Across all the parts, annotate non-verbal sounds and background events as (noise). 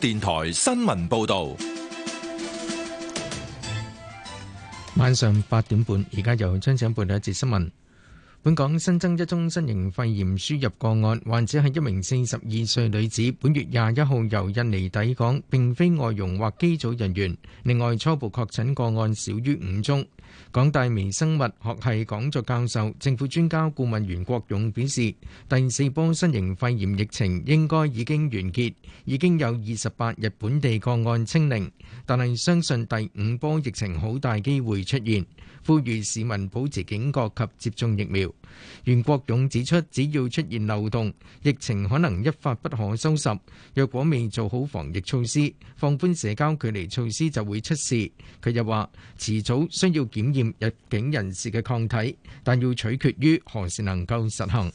電台新聞報道，晚上八點半，而家由張生報道一節新聞。本港新增一宗新型肺炎輸入個案，患者係一名四十二歲女子，本月廿一號由印尼抵港，並非外傭或機組人員，另外，初步確診個案少於五宗。港大微生物學系講座教授、政府專家顧問袁國勇表示，第四波新型肺炎疫情應該已經完結，已經有二十八日本地個案清零，但係相信第五波疫情好大機會出現。呼籲市民保持警覺及接種疫苗。袁國勇指出，只要出現漏洞，疫情可能一發不可收拾。若果未做好防疫措施，放寬社交距離措施，就會出事。佢又話，遲早需要檢驗入境人士嘅抗體，但要取決於何時能夠實行。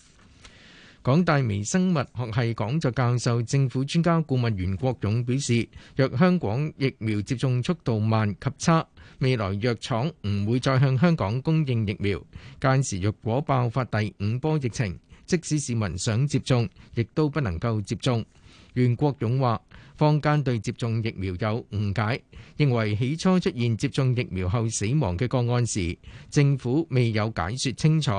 港大微生物學系講座教授、政府專家顧問袁國勇表示：若香港疫苗接種速度慢及差，未來藥廠唔會再向香港供應疫苗。屆時若果爆發第五波疫情，即使市民想接種亦都不能夠接種，袁國勇話。坊間對接種疫苗有誤解，認為起初出現接種疫苗後死亡嘅個案時，政府未有解說清楚。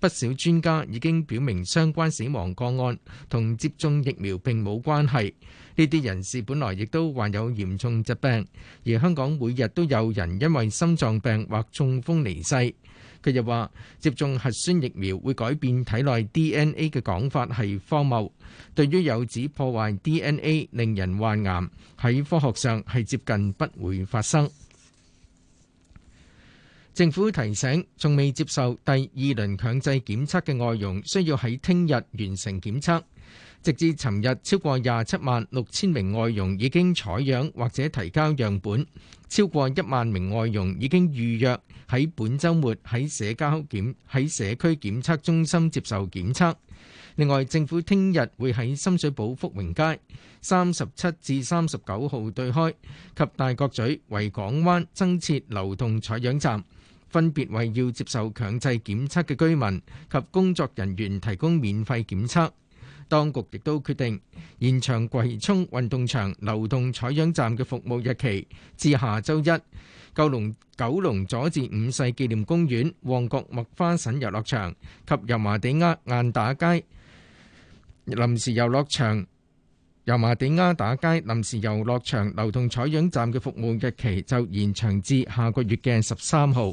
不少專家已經表明，相關死亡個案同接種疫苗並冇關係。呢啲人士本來亦都患有嚴重疾病，而香港每日都有人因為心臟病或中風離世。佢又話：接種核酸疫苗會改變體內 DNA 嘅講法係荒謬。對於有指破壞 DNA，令人患癌，喺科學上係接近不會發生。政府提醒，仲未接受第二輪強制檢測嘅外傭，需要喺聽日完成檢測。直至尋日，超過廿七萬六千名外傭已經採樣或者提交樣本，超過一萬名外傭已經預約，喺本週末喺社交檢喺社區檢測中心接受檢測。另外，政府聽日會喺深水埗福榮街三十七至三十九號對開及大角咀維港灣增設流動採樣站，分別為要接受強制檢測嘅居民及工作人員提供免費檢測。當局亦都決定延長葵涌運動場流動採樣站嘅服務日期至下週一。九龍九龍佐治五世紀念公園、旺角麥花臣遊樂場及油麻地鴉晏打街臨時遊樂場、油麻地鴉打街臨時遊樂場流動採樣站嘅服務日期就延長至下個月嘅十三號。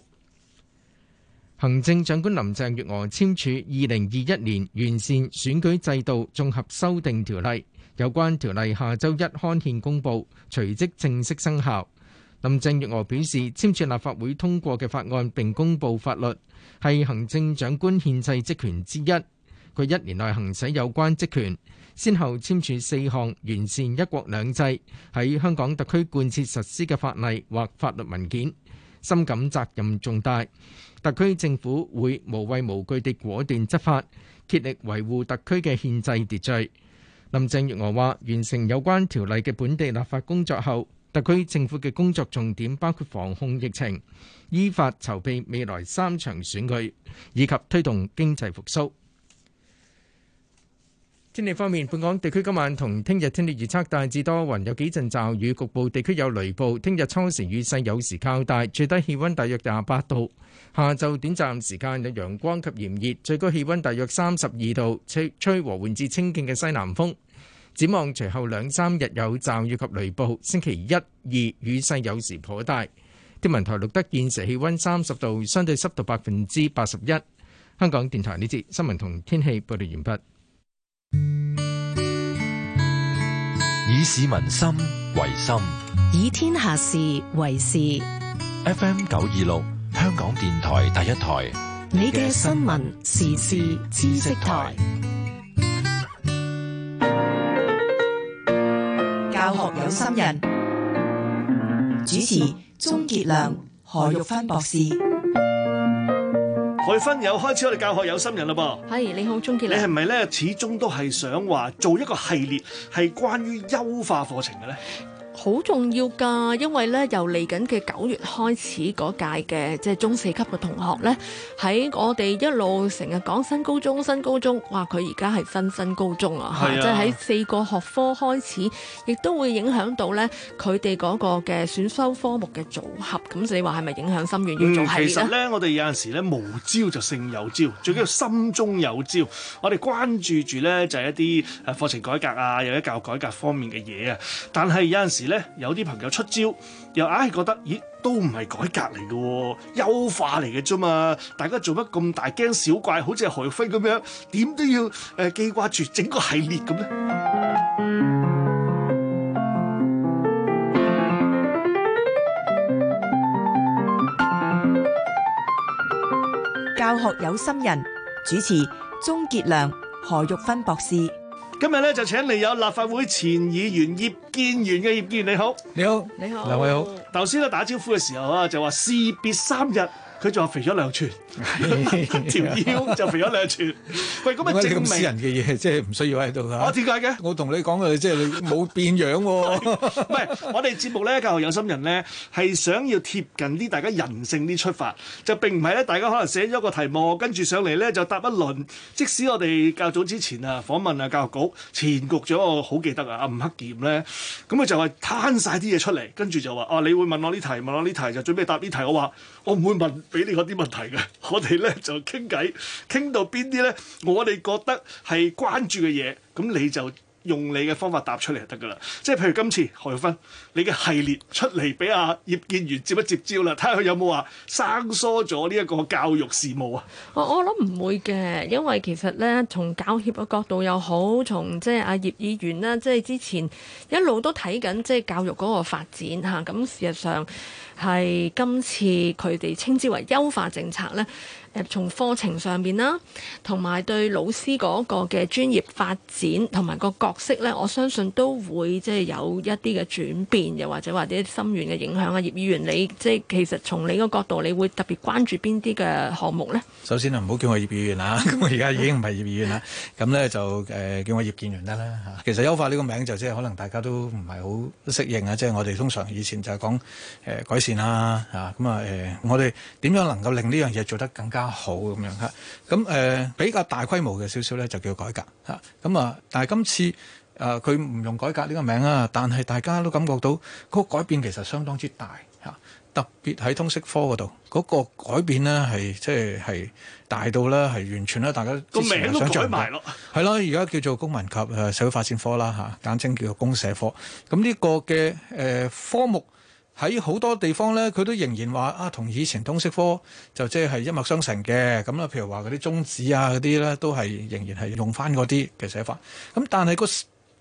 行政長官林鄭月娥簽署《二零二一年完善選舉制度綜合修訂條例》，有關條例下周一刊憲公布，隨即正式生效。林鄭月娥表示，簽署立法會通過嘅法案並公布法律，係行政長官憲制職權之一。佢一年內行使有關職權，先後簽署四項完善一國兩制，喺香港特區貫徹實施嘅法例或法律文件，深感責任重大。特區政府會無畏無懼地果斷執法，竭力維護特區嘅憲制秩序。林鄭月娥話，完成有關條例嘅本地立法工作後，特區政府嘅工作重點包括防控疫情，依法籌備未來三場選舉，以及推動經濟復蘇。天氣方面，本港地區今晚同聽日天氣預測大致多雲，有幾陣驟雨，局部地區有雷暴。聽日初時雨勢有時較大，最低氣温大約廿八度。下晝短暫時間有陽光及炎熱，最高氣温大約三十二度，吹吹和緩至清勁嘅西南風。展望隨後兩三日有驟雨及雷暴，星期一、二雨勢有時頗大。天文台錄得現時氣温三十度，相對濕度百分之八十一。香港電台呢節新聞同天氣報道完畢。以市民心為心，以天下事為事。F.M. 九二六，香港電台第一台，你嘅新聞時事知識台。教學有心人，主持鍾杰良、何玉芬博士。何芬，又開始我哋教學有心人嘞噃。係，你好，鍾杰良。你係咪咧始終都係想話做一個系列係關於優化課程嘅咧？好重要㗎，因為咧由嚟緊嘅九月開始嗰屆嘅即係中四級嘅同學咧，喺我哋一路成日講新高中，新高中，哇佢而家係分新高中啊，的即係喺四個學科開始，亦都會影響到咧佢哋嗰個嘅選修科目嘅組合。咁你話係咪影響深遠要做呢？嗯、其實咧？我哋有陣時咧冇招就勝有招，最緊要心中有招。嗯、我哋關注住咧就係、是、一啲誒課程改革啊，有啲教育改革方面嘅嘢啊，但係有陣時。咧，有啲朋友出招，又硬係覺得，咦，都唔係改革嚟嘅，優化嚟嘅啫嘛？大家做乜咁大驚小怪？好似何玉芬咁樣，點都要誒、呃、記掛住整個系列咁呢？教學有心人主持：鍾杰良、何玉芬博士。今日咧就請嚟有立法會前議員葉建源嘅葉建源，你好，你好，你好，兩位好。頭先咧打招呼嘅時候啊，就話士別三日。佢仲話肥咗兩寸，條 (laughs) 腰就肥咗兩寸。喂，咁咪咁明私人嘅嘢，即係唔需要喺度噶。我點解嘅？我同你講嘅，即係你冇變樣喎。唔係我哋節目咧，教育有心人咧，係想要貼近啲大家人性啲出發，就並唔係咧。大家可能寫咗個題目，跟住上嚟咧就答一輪。即使我哋較早之前啊訪問啊教育局前局長，我好記得啊，阿吳克儉咧，咁佢就話攤晒啲嘢出嚟，跟住就話哦、啊，你會問我呢題，問我呢題，就準備答呢題。我話。我唔會問俾你嗰啲問題嘅，我哋咧就傾偈，傾到邊啲咧，我哋覺得係關注嘅嘢，咁你就。用你嘅方法答出嚟就得㗎啦，即係譬如今次何玉芬，你嘅系列出嚟俾阿葉建源接一接招啦，睇下佢有冇話生疏咗呢一個教育事務啊？我我諗唔會嘅，因為其實咧，從教協嘅角度又好，從即係阿葉議員啦，即係之前一路都睇緊即係教育嗰個發展嚇，咁事實上係今次佢哋稱之為優化政策咧。從從課程上邊啦，同埋對老師嗰個嘅專業發展同埋個角色呢，我相信都會即係有一啲嘅轉變，又或者或者深遠嘅影響啊。葉議員，你即係其實從你個角度，你會特別關注邊啲嘅項目呢？首先，唔好叫我葉議員啊，咁 (laughs) 我而家已經唔係葉議員啦。咁呢，就叫我葉建源得啦。其實優化呢個名就即係可能大家都唔係好適應啊，即、就是、我哋通常以前就係講改善啦。咁啊我哋點樣能夠令呢樣嘢做得更加好咁樣嚇，咁誒、嗯嗯、比較大規模嘅少少咧，就叫改革嚇。咁啊，但係今次誒佢唔用改革呢個名啊，但係大家都感覺到嗰改變其實相當之大嚇、啊，特別喺通識科嗰度，嗰、那個改變咧係即係係大到咧係完全咧，大家個名都改埋咯，係啦，而家叫做公民及誒社會發展科啦嚇、啊，簡稱叫做公社科。咁呢個嘅誒、呃、科目。喺好多地方咧，佢都仍然話啊，同以前通識科就即係一脈相承嘅咁啦。譬如話嗰啲宗旨啊嗰啲咧，都係仍然係用翻嗰啲嘅寫法。咁但係個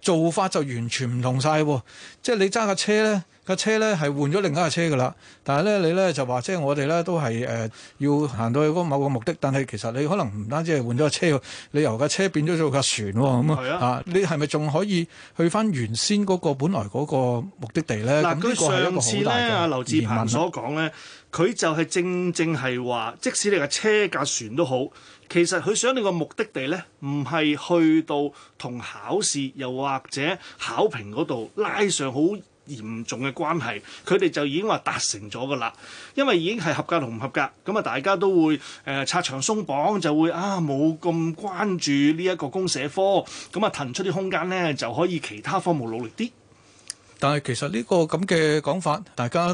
做法就完全唔同晒喎、啊，即係你揸架車咧。架車咧係換咗另一架車噶啦，但係咧你咧就話，即係我哋咧都係誒、呃、要行到去嗰某個目的，但係其實你可能唔單止係換咗架車，你由架車變咗做架船咁、嗯、啊？嗯、你係咪仲可以去翻原先嗰、嗰個本來嗰個目的地咧？咁呢個係一個好大嘅疑問。上次咧，劉志鵬所講咧，佢就係正正係話，即使你架車架船都好，其實佢想你個目的地咧，唔係去到同考試又或者考評嗰度拉上好嚴重嘅關係，佢哋就已經話達成咗㗎喇，因為已經係合格同唔合格，咁啊，大家都會誒拆牆鬆綁，就會啊冇咁關注呢一個公社科，咁啊騰出啲空間咧，就可以其他科目努力啲。但係其實呢個咁嘅講法，大家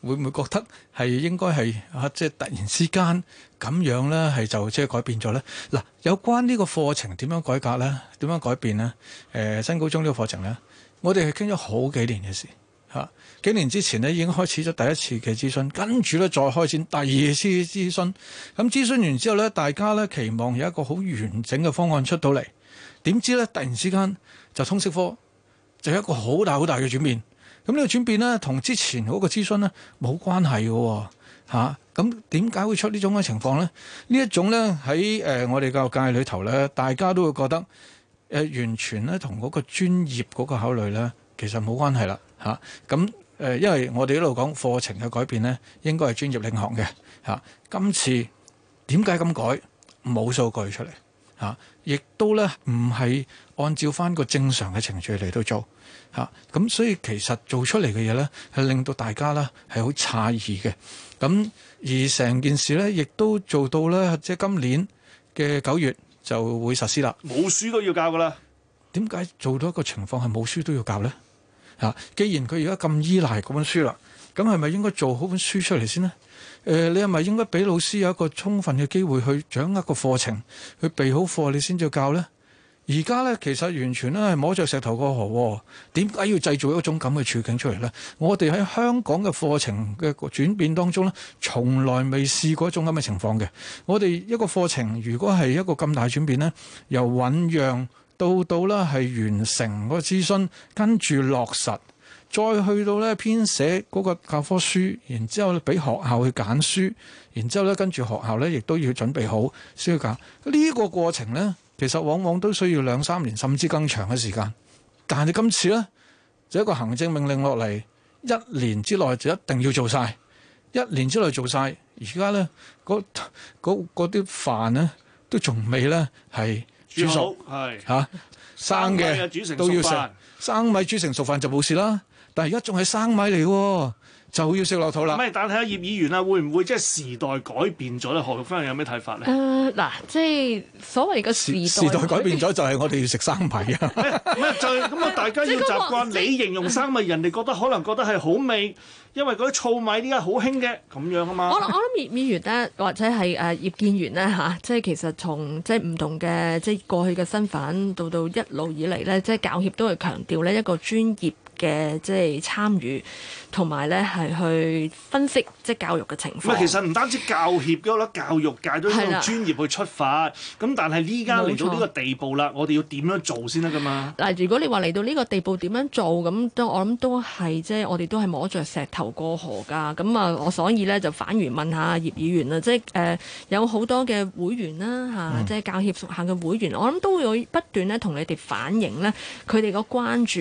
會唔會覺得係應該係啊？即係突然之間咁樣咧，係就即係改變咗咧？嗱，有關呢個課程點樣改革咧？點樣改變咧？誒，新高中呢個課程咧？我哋係傾咗好幾年嘅事，幾年之前呢，已經開始咗第一次嘅諮詢，跟住咧再開展第二次諮詢。咁諮詢完之後呢，大家呢，期望有一個好完整嘅方案出到嚟。點知呢，突然之間就通識科就有一個好大好大嘅轉變。咁、這、呢個轉變呢，同之前嗰個諮詢呢，冇關係㗎喎。咁點解會出呢種嘅情況呢？呢一種呢，喺我哋教育界裏頭呢，大家都會覺得。誒完全咧同嗰個專業嗰個考慮咧，其實冇關係啦，嚇。咁誒，因為我哋一路講課程嘅改變咧，應該係專業領航嘅嚇。今次點解咁改？冇數據出嚟嚇，亦都咧唔係按照翻個正常嘅程序嚟到做嚇。咁所以其實做出嚟嘅嘢咧，係令到大家咧係好詫異嘅。咁而成件事咧，亦都做到咧，即係今年嘅九月。就會實施啦，冇書都要教噶啦。點解做到一個情況係冇書都要教呢？嚇，既然佢而家咁依賴嗰本書啦，咁係咪應該做好本書出嚟先呢？誒、呃，你係咪應該俾老師有一個充分嘅機會去掌握一個課程，去備好課，你先至教呢？而家咧，其實完全咧係摸着石頭過河，點解要製造一種咁嘅處境出嚟咧？我哋喺香港嘅課程嘅轉變當中咧，從來未試過一種咁嘅情況嘅。我哋一個課程如果係一個咁大轉變咧，由醖釀到到咧係完成嗰個諮詢，跟住落實，再去到咧編寫嗰個教科書，然之後咧俾學校去揀書，然之後咧跟住學校咧亦都要準備好先去揀，呢個過程咧。其實往往都需要兩三年，甚至更長嘅時間。但係你今次呢，就一個行政命令落嚟，一年之內就一定要做晒。一年之內做晒，而家呢，嗰嗰嗰啲飯呢都仲未呢，係煮熟，係吓、啊、是生嘅都要食生米煮成熟飯就冇事啦。但係而家仲係生米嚟喎、哦。就要食落肚啦。唔係，但睇下葉議員啦、啊，會唔會即係時代改變咗咧？何玉芬有咩睇法咧？嗱、呃，即係所謂嘅時代改變咗、 (laughs) 哎，就係我哋要食生米啊！咩就係咁啊？大家要習慣、就是那個、你形容生米人，人哋覺得可能覺得係好味，嗯、因為嗰啲糙米而家好興嘅咁樣啊嘛。我我諗葉議員咧，或者係誒葉建源咧嚇、啊，即係其實從即係唔同嘅即係過去嘅身份到到一路以嚟咧，即係教協都係強調咧一個專業嘅即係參與。同埋咧，係去分析即係教育嘅情況。其實唔單止教協嗰個，教育界都係用專業去出發。咁的但係依家嚟到呢個地步啦，果我哋要點樣做先得噶嘛？嗱，如果你話嚟到呢個地步點樣做，咁都是我諗都係即係我哋都係摸着石頭過河㗎。咁啊，我所以咧就反而問,問一下葉議員啦，即係誒、呃、有好多嘅會員啦嚇，即係教協屬下嘅會員，嗯、我諗都會不斷咧同你哋反映咧佢哋個關注，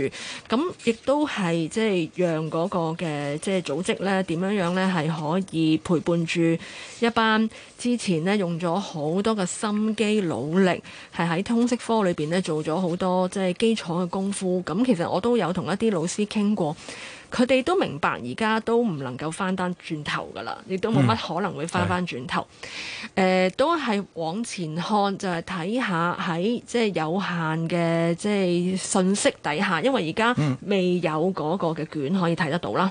咁亦都係即係讓嗰、那個。嘅即係組織咧，點樣樣咧係可以陪伴住一班之前呢，用咗好多嘅心機努力，係喺通識科裏邊呢，做咗好多即係基礎嘅功夫。咁其實我都有同一啲老師傾過。佢哋都明白而家都唔能夠翻單轉頭噶啦，亦都冇乜可能會翻翻轉頭。誒、嗯呃、都係往前看，就係、是、睇下喺即係有限嘅，即係信息底下，因為而家未有嗰個嘅卷可以睇得到啦，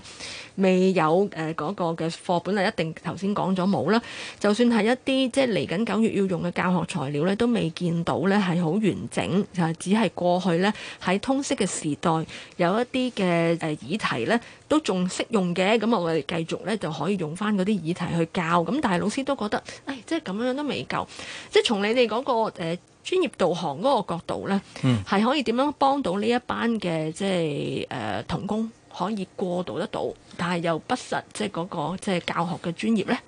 未有誒嗰個嘅課本啊，一定頭先講咗冇啦。就算係一啲即係嚟緊九月要用嘅教學材料咧，都未見到咧，係好完整，就係只係過去咧喺通識嘅時代有一啲嘅誒議題。咧都仲適用嘅，咁我哋繼續咧就可以用翻嗰啲議題去教，咁但係老師都覺得，誒、哎，即係咁樣樣都未夠，即係從你哋嗰個誒專業導航嗰個角度咧，係、嗯、可以點樣幫到呢一班嘅即係誒同工可以過渡得到，但係又不失即係嗰、嗰個即係教學嘅專業咧。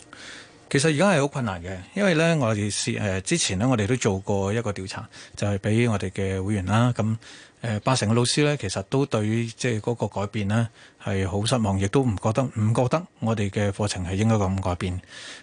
其實而家係好困難嘅，因為咧我哋試、呃、之前呢，我哋都做過一個調查，就係、係、俾我哋嘅會員啦，咁。誒八成嘅老師呢，其實都對即係嗰個改變呢係好失望，亦都唔覺得唔覺得我哋嘅課程係應該咁改變。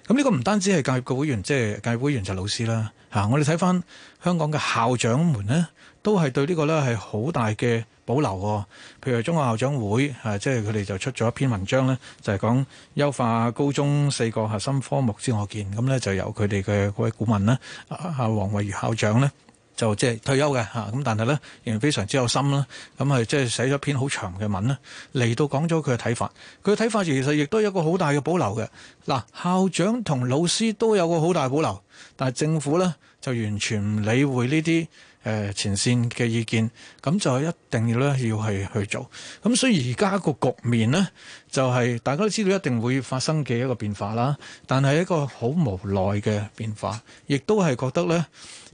咁呢個唔單止係教協嘅會員，即、就、係、是、教協會員就老師啦、啊、我哋睇返香港嘅校長們呢，都係對呢個呢係好大嘅保留，哦。譬如中學校長會即係佢哋就出咗一篇文章呢，就係、是、講優化高中四個核心科目之我見，咁呢，就由佢哋嘅各位顧問啦，啊黃慧如校長呢。就即係退休嘅吓，咁但係咧仍然非常之有心啦。咁係即係寫咗篇好長嘅文啦，嚟到講咗佢嘅睇法。佢嘅睇法其實亦都有個好大嘅保留嘅。嗱，校長同老師都有個好大保留，但係政府咧就完全唔理會呢啲誒前線嘅意見。咁就一定要咧要係去做。咁所以而家個局面呢，就係大家都知道一定會發生嘅一個變化啦。但係一個好無奈嘅變化，亦都係覺得呢。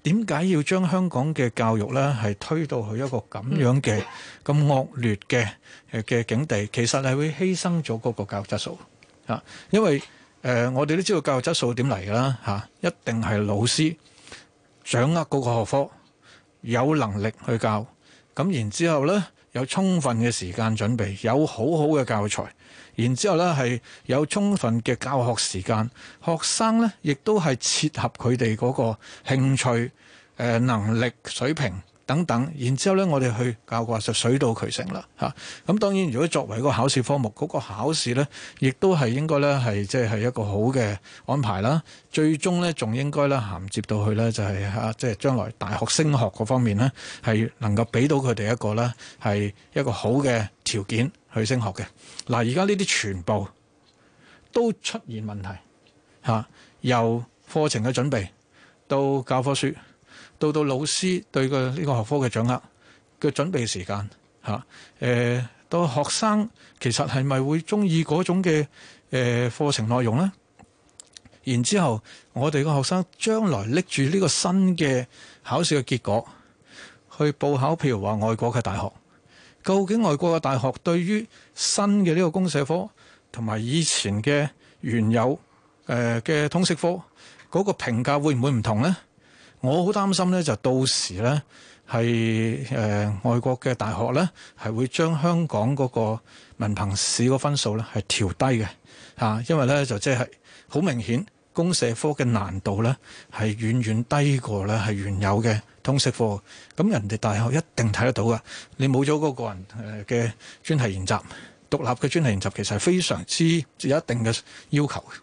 點解要將香港嘅教育呢係推到去一個咁樣嘅咁惡劣嘅嘅境地？其實係會犧牲咗嗰個教育質素吓，因為誒我哋都知道教育質素點嚟㗎啦吓，一定係老師掌握嗰個學科，有能力去教，咁然之後呢有充分嘅時間準備，有好好嘅教材。然之後咧，係有充分嘅教學時間，學生咧亦都係切合佢哋嗰個興趣、誒能力水平等等。然之後咧，我哋去教嘅就水到渠成啦嚇。咁當然，如果作為一個考試科目，嗰個考試咧，亦都係應該咧係即係一個好嘅安排啦。最終咧，仲應該咧銜接到去咧就係嚇，即係將來大學升學嗰方面咧，係能夠俾到佢哋一個咧係一個好嘅條件。去升學嘅。嗱，而家呢啲全部都出現問題吓，由課程嘅準備到教科書，到到老師對個呢個學科嘅掌握嘅準備時間吓，誒到學生其實係咪會中意嗰種嘅誒課程內容咧？然之後，我哋個學生將來拎住呢個新嘅考試嘅結果去報考，譬如話外國嘅大學。究竟外國嘅大學對於新嘅呢個公社科同埋以，以前嘅原有誒嘅、呃、通識科嗰、嗰個評價會唔會唔同呢？我好擔心呢，就到時呢係誒、呃、外國嘅大學呢係會將香港嗰個文憑試個分數呢係調低嘅嚇、啊，因為呢就即係好明顯。公社科嘅難度咧係遠遠低過咧係原有嘅通識科。咁人哋大學一定睇得到噶。你冇咗嗰個人誒嘅專題研習，獨立嘅專題研習其實係非常之有一定嘅要求嘅。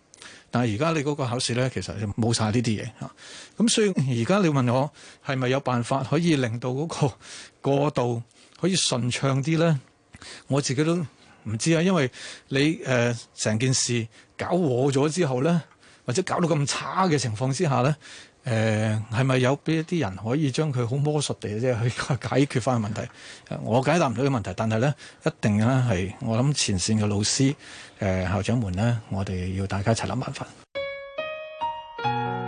但係而家你嗰個考試咧，其實冇晒呢啲嘢嚇。咁所以而家你問我係咪有辦法可以令到嗰個過渡可以順暢啲咧？我自己都唔知啊，因為你誒成、呃、件事搞錯咗之後咧。或者搞到咁差嘅情況之下咧，誒係咪有俾一啲人可以將佢好魔術地即係去解決翻個問題？我解答唔到啲問題，但係咧一定咧係我諗前線嘅老師、誒、呃、校長們咧，我哋要大家一齊諗辦法。 (music)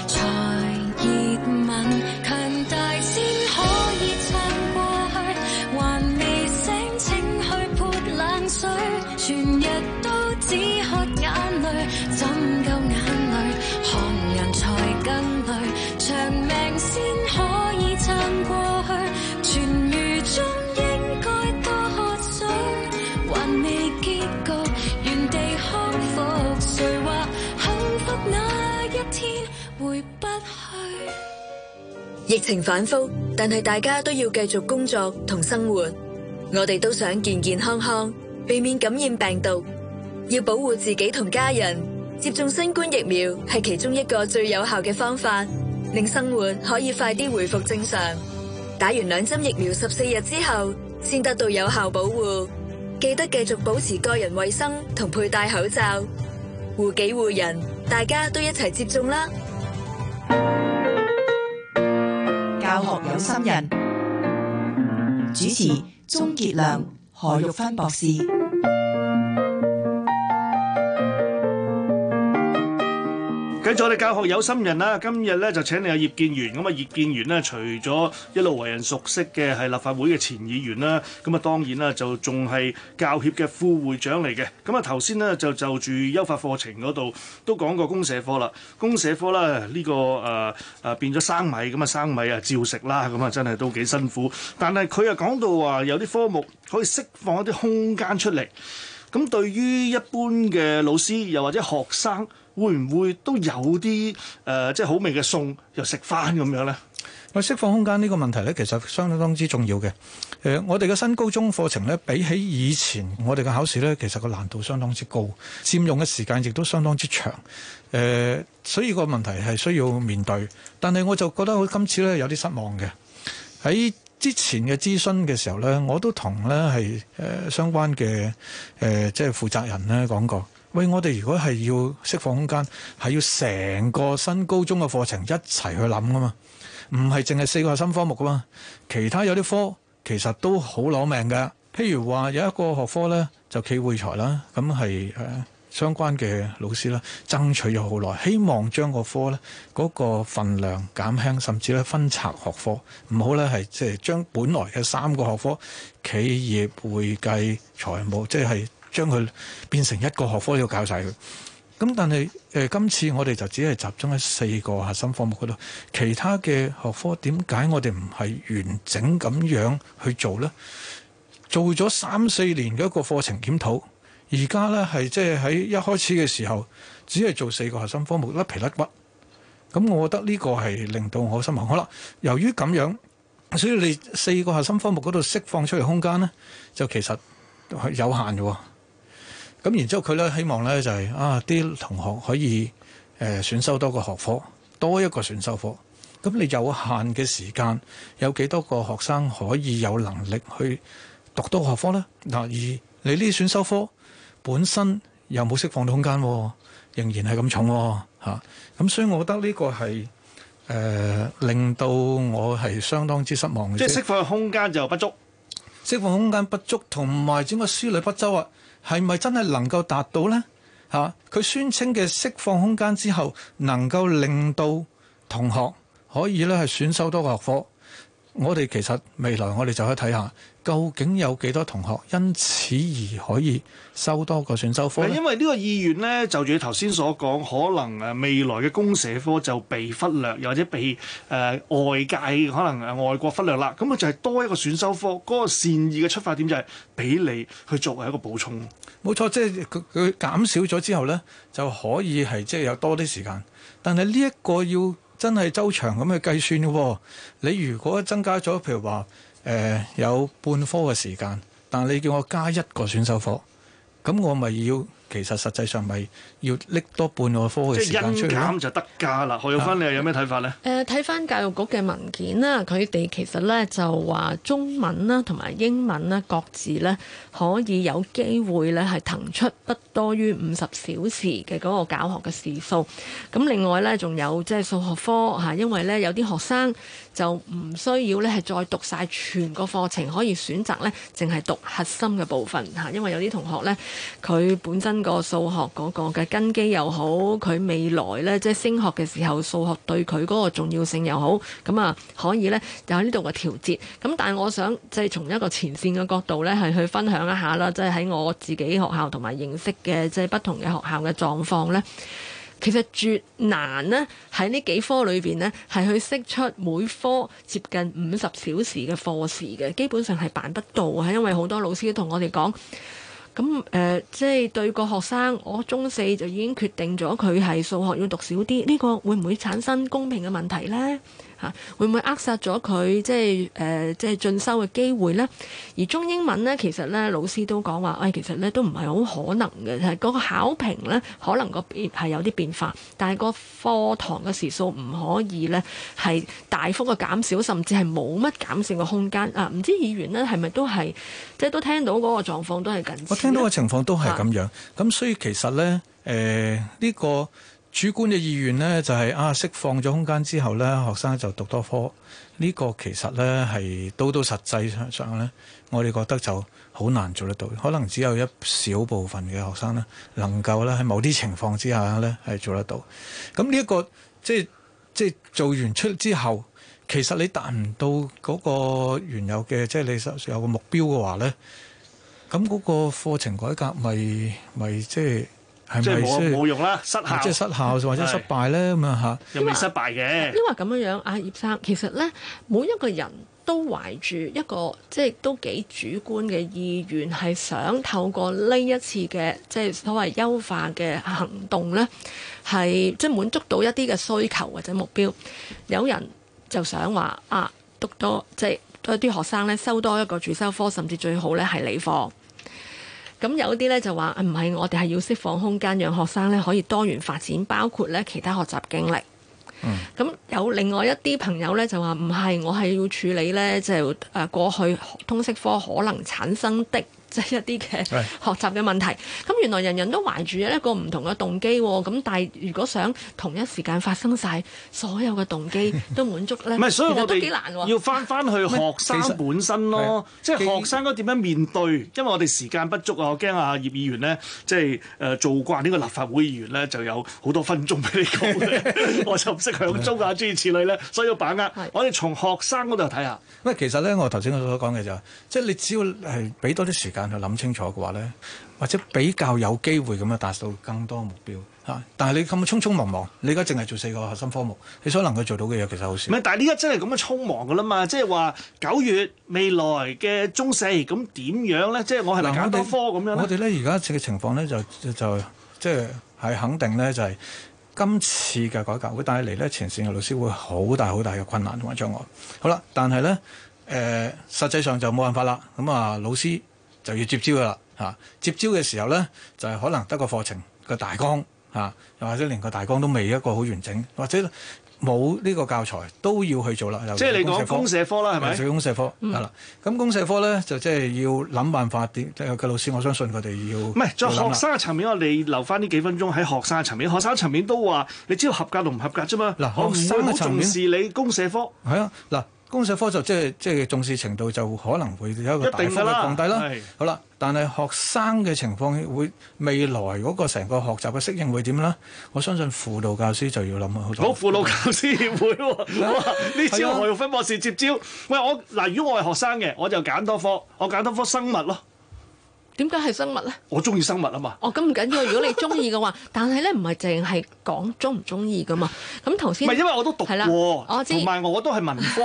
情反覆但係大家都要繼續工作同生活。我哋都想健健康康，避免感染病毒，要保護自己同家人。接種新冠疫苗係其中一個最有效嘅方法，令生活可以快啲回復正常。打完兩針疫苗十四日之後，先得到有效保護。記得繼續保持個人衛生同佩戴口罩，護己護人，大家都一齊接種啦！有心人，主持鍾傑良、何玉芬博士。多謝我哋教學有心人啦！今日咧就請你阿葉建源，咁啊葉建源咧除咗一路為人熟悉嘅係立法會嘅前議員啦，咁啊當然啦就仲係教協嘅副會長嚟嘅。咁啊頭先咧就就住優化課程嗰度都講過公社科啦，公社科啦、這、呢個誒誒、呃、變咗生米，咁啊生米啊照食啦，咁啊真係都幾辛苦。但係佢又講到話有啲科目可以釋放一啲空間出嚟，咁對於一般嘅老師又或者學生。會唔會都有啲、呃、即係好味嘅餸又食翻咁樣呢？喂，釋放空間呢個問題呢，其實相當之重要嘅、呃。我哋嘅新高中課程呢，比起以前我哋嘅考試呢，其實個難度相當之高，佔用嘅時間亦都相當之長。呃、所以個問題係需要面對。但係我就覺得我今次呢，有啲失望嘅。喺之前嘅諮詢嘅時候呢，我都同呢係、呃、相關嘅、呃、即係負責人呢講過。喂，我哋如果係要釋放空間，係要成個新高中嘅課程一齊去諗噶嘛？唔係淨係四個新科目噶嘛？其他有啲科其實都好攞命㗎。譬如話有一個學科呢，就企會財啦，咁係、呃、相關嘅老師啦，爭取咗好耐，希望將個科呢嗰個分量減輕，甚至咧分拆學科，唔好呢，係即係將本來嘅三個學科企業會計財務，即係。將佢變成一個學科要搞晒佢。咁但係誒、呃，今次我哋就只係集中喺四個核心科目嗰度，其他嘅學科點解我哋唔係完整咁樣去做呢？做咗三四年嘅一個課程檢討，而家呢係即係喺一開始嘅時候，只係做四個核心科目甩皮甩骨。咁我覺得呢個係令到我失望。好啦，由於咁樣，所以你四個核心科目嗰度釋放出嚟空間呢，就其實係有限嘅。咁然之後，佢咧希望咧就係、是、啊，啲同學可以誒、呃、選修多個學科，多一個選修科。咁你有限嘅時間，有幾多個學生可以有能力去讀到學科呢？嗱，而你呢啲選修科本身又冇釋放到空間、啊，仍然係咁重嚇、啊。咁、啊、所以，我覺得呢個係誒、呃、令到我係相當之失望嘅。即係釋放空間就不足，釋放空間不足同埋整個書類不周啊！係咪真係能夠達到呢？嚇，佢宣稱嘅釋放空間之後，能夠令到同學可以咧係選修多個學科。我哋其實未來我哋就可以睇下。究竟有幾多同學因此而可以收多個選修科？因為呢個意願呢，就住你頭先所講，可能誒未來嘅公社科就被忽略，又或者被誒、呃、外界可能誒外國忽略啦。咁啊，就係多一個選修科，嗰、那個善意嘅出發點就係俾你去作為一個補充。冇錯，即係佢佢減少咗之後呢，就可以係即係有多啲時間。但係呢一個要真係周長咁去計算嘅喎、哦，你如果增加咗，譬如話。誒、呃、有半科嘅時間，但你叫我加一個選修科，咁我咪要其實實際上咪要拎多半個科嘅時間出嚟。即係因減就得加啦。何玉芬，你又、啊、有咩睇法呢？誒、呃，睇翻教育局嘅文件啦，佢哋其實呢就話中文啦，同埋英文啦，各自呢可以有機會呢係騰出不多於五十小時嘅嗰個教學嘅時數。咁另外呢，仲有即係數學科因為呢有啲學生。就唔需要咧，係再讀晒全個課程，可以選擇咧，淨係讀核心嘅部分嚇。因為有啲同學呢，佢本身個數學嗰個嘅根基又好，佢未來呢，即係升學嘅時候，數學對佢嗰個重要性又好，咁啊可以咧有呢度嘅調節。咁但係我想即係從一個前線嘅角度呢，係去分享一下啦，即係喺我自己學校同埋認識嘅即係不同嘅學校嘅狀況呢，其實絕難呢，喺呢幾科裏邊呢，係去釋出每科接近五十小時嘅課時嘅，基本上係辦不到嘅，係因為好多老師都同我哋講，咁誒即係對個學生，我中四就已經決定咗佢係數學要讀少啲，呢個會唔會產生公平嘅問題呢？嚇會唔會扼殺咗佢即係誒、呃、即係進修嘅機會呢？而中英文呢，其實呢，老師都講話，誒、哎、其實呢，都唔係好可能嘅，係、就、嗰、是、個考評呢，可能個變係有啲變化，但係個課堂嘅時數唔可以呢，係大幅嘅減少，甚至係冇乜減少嘅空間啊！唔知道議員呢，係咪都係即係都聽到嗰個狀況都係緊張？我聽到嘅情況都係咁樣，咁、啊、所以其實呢，誒、呃、呢、這個。主觀嘅意願呢，就係啊，釋放咗空間之後呢，學生就讀多科。呢個其實呢，係都到實際上呢，我哋覺得就好難做得到。可能只有一小部分嘅學生呢，能夠咧喺某啲情況之下呢，係做得到。咁呢一個即係即係做完出之後，其實你達唔到嗰個原有嘅即係你有個目標嘅話呢，咁嗰個課程改革咪咪即係。就是係冇冇用啦，係咪失效即係失效，或者失敗咧咁啊嚇！因失敗嘅，因為咁樣樣啊，葉生其實咧，每一個人都懷住一個即係都幾主觀嘅意願，係想透過呢一次嘅即係所謂優化嘅行動咧，係即係滿足到一啲嘅需求或者目標。有人就想話啊，讀多即係多啲學生咧，收多一個主修科，甚至最好咧係理科。咁有啲咧就話唔係，我哋係要釋放空間，讓學生咧可以多元發展，包括咧其他學習經歷。咁、嗯、有另外一啲朋友咧就話唔係，我係要處理咧就誒、啊、過去通識科可能產生的。即係一啲嘅學習嘅問題，咁是原來人人都懷住一個唔同嘅動機喎，咁但係如果想同一時間發生晒所有嘅動機都滿足咧，唔係， (laughs) 所以我哋要翻翻去學生本身咯，即係學生都點樣面對？因為我哋時間不足啊，我驚啊葉議員咧，即係誒做慣呢個立法會議員咧，就有好多分鐘俾你講 (laughs) (laughs) 我就唔識響鐘啊，諸如此類咧，所以要把握，是我哋從學生嗰度睇下。喂，其實咧，我頭先我所講嘅就係，即係你只要係俾多啲時間。但係諗清楚嘅話咧，或者比較有機會咁樣達到更多目標嚇。但係你咁樣匆匆忙忙，你而家淨係做四個核心科目，你所能夠做到嘅嘢其實好少。唔係，但係呢家真係咁樣匆忙嘅啦嘛，即係話九月未來嘅中四，咁點樣咧？即係我係咪揀多科咁樣咧？我哋咧而家嘅情況咧就就即係係肯定咧，就係今次嘅改革會帶嚟咧，前線嘅老師會好大好大嘅困難同埋障礙。好啦，但係咧誒，實際上就冇辦法啦。咁、嗯、啊，老師。就要接招噶啦嚇，接招嘅時候咧，就係可能得個課程個大綱嚇，又或者連個大綱都未一個好完整，或者冇呢個教材都要去做啦。即係你講公社科啦，係咪？就公社科係啦。咁公社科咧、嗯，就即係要諗辦法點，即係有個老師，我相信佢哋要唔係在學生嘅層面，面，我哋留翻呢幾分鐘喺學生嘅層面。學生層面都話，你知道合格同唔合格啫嘛。學生嘅層面，重視你公社科。係啊，嗱。公社科就即係即係重視程度就可能會有一個大幅嘅降低啦。係，好啦，但係學生嘅情況會未來嗰個成個學習嘅適應會點呢？我相信輔導教師就要諗好咗。我輔導教師協會喎、啊，呢招何玉芬博士接招。啊、喂，我嗱，如果我係學生嘅，我就揀多科，我揀多科生物咯、啊。點解係生物咧？我中意生物啊嘛！哦，咁唔緊要，如果你中意嘅話， (laughs) 但係咧唔係淨係講中唔中意噶嘛？咁頭先唔係因為我都讀過，同埋我，我都係文科，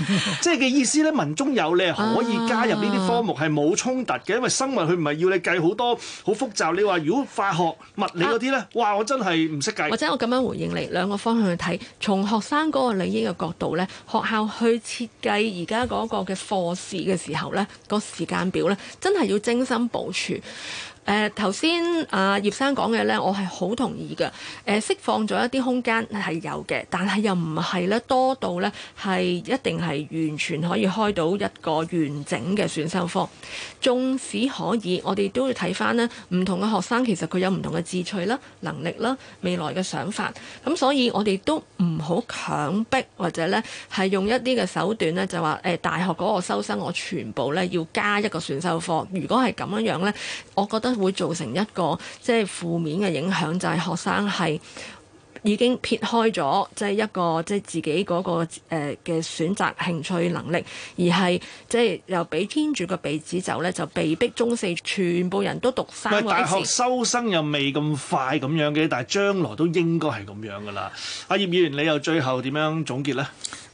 (laughs) 即係嘅意思咧，文中有理可以加入呢啲科目係冇、啊、衝突嘅，因為生物佢唔係要你計好多好複雜。你話如果化學、物理嗰啲咧，啊、哇！我真係唔識計。或者我咁樣回應你，兩個方向去睇，從學生嗰個利益嘅角度咧，學校去設計而家嗰個嘅課時嘅時候咧，個時間表咧，真係要精心。保持。誒頭先啊葉生講嘅呢，我係好同意嘅。誒釋放咗一啲空間係有嘅，但係又唔係呢多到呢係一定係完全可以開到一個完整嘅選修科。縱使可以，我哋都要睇翻呢唔同嘅學生，其實佢有唔同嘅志趣啦、能力啦、未來嘅想法。咁所以我哋都唔好強迫，或者呢係用一啲嘅手段呢，就話誒大學嗰個收生我全部呢要加一個選修科。如果係咁樣樣呢，我覺得，會造成一個即係負面嘅影響，就係、係、學生係已經撇開咗即係一個即係自己嗰、嗰個嘅、呃、選擇興趣、能力，而係即係又俾牽住個鼻子走咧，就被逼中四全部人都讀晒。三個 A。大學收生又未咁快咁樣嘅，但係將來都應該係咁樣㗎喇。阿葉議員，你又最後點樣總結呢？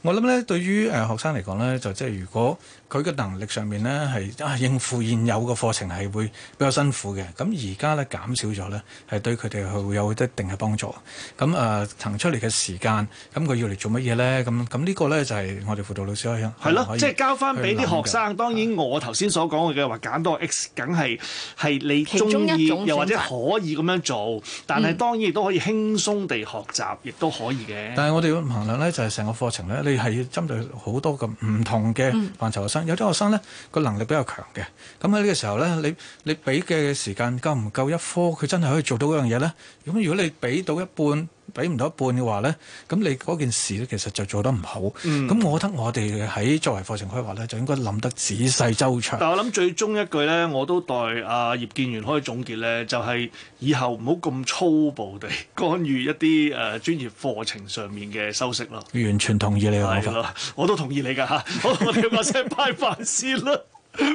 我諗咧，對於誒學生嚟講咧，就即係如果佢嘅能力上面咧，係啊應付現有嘅課程係會比較辛苦嘅。咁而家咧減少咗咧，係對佢哋係會有一定嘅幫助。咁誒騰出嚟嘅時間，咁佢要嚟做乜嘢咧？咁咁呢個咧就係我哋輔導老師可以。係咯，即係交翻俾啲學生。當然我頭先所講嘅嘅話，揀多 X，梗係係你中意，又或者可以咁樣做。但係當然亦都可以輕鬆地學習，亦都可以嘅。嗯、但係我哋要衡量咧就係成個課程咧，係要針對好多個唔同嘅範疇學生，嗯、有啲學生呢個能力比較強嘅，咁喺呢個時候呢，你你俾嘅時間夠唔夠一科佢真係可以做到嗰樣嘢呢？咁如果你俾到一半。俾唔到一半嘅話咧，咁你嗰件事咧，其實就做得唔好。咁、嗯、我覺得我哋喺作為課程規劃咧，就應該諗得仔細周詳。但我諗最終一句咧，我都代阿、啊、葉建源可以總結咧，就係、是、以後唔好咁粗暴地干預一啲誒、啊、專業課程上面嘅修飾咯。完全同意你嘅看法，了我，分我都同意你㗎嚇。好，我哋要把聲拜拜先啦，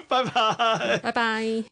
拜拜，拜拜。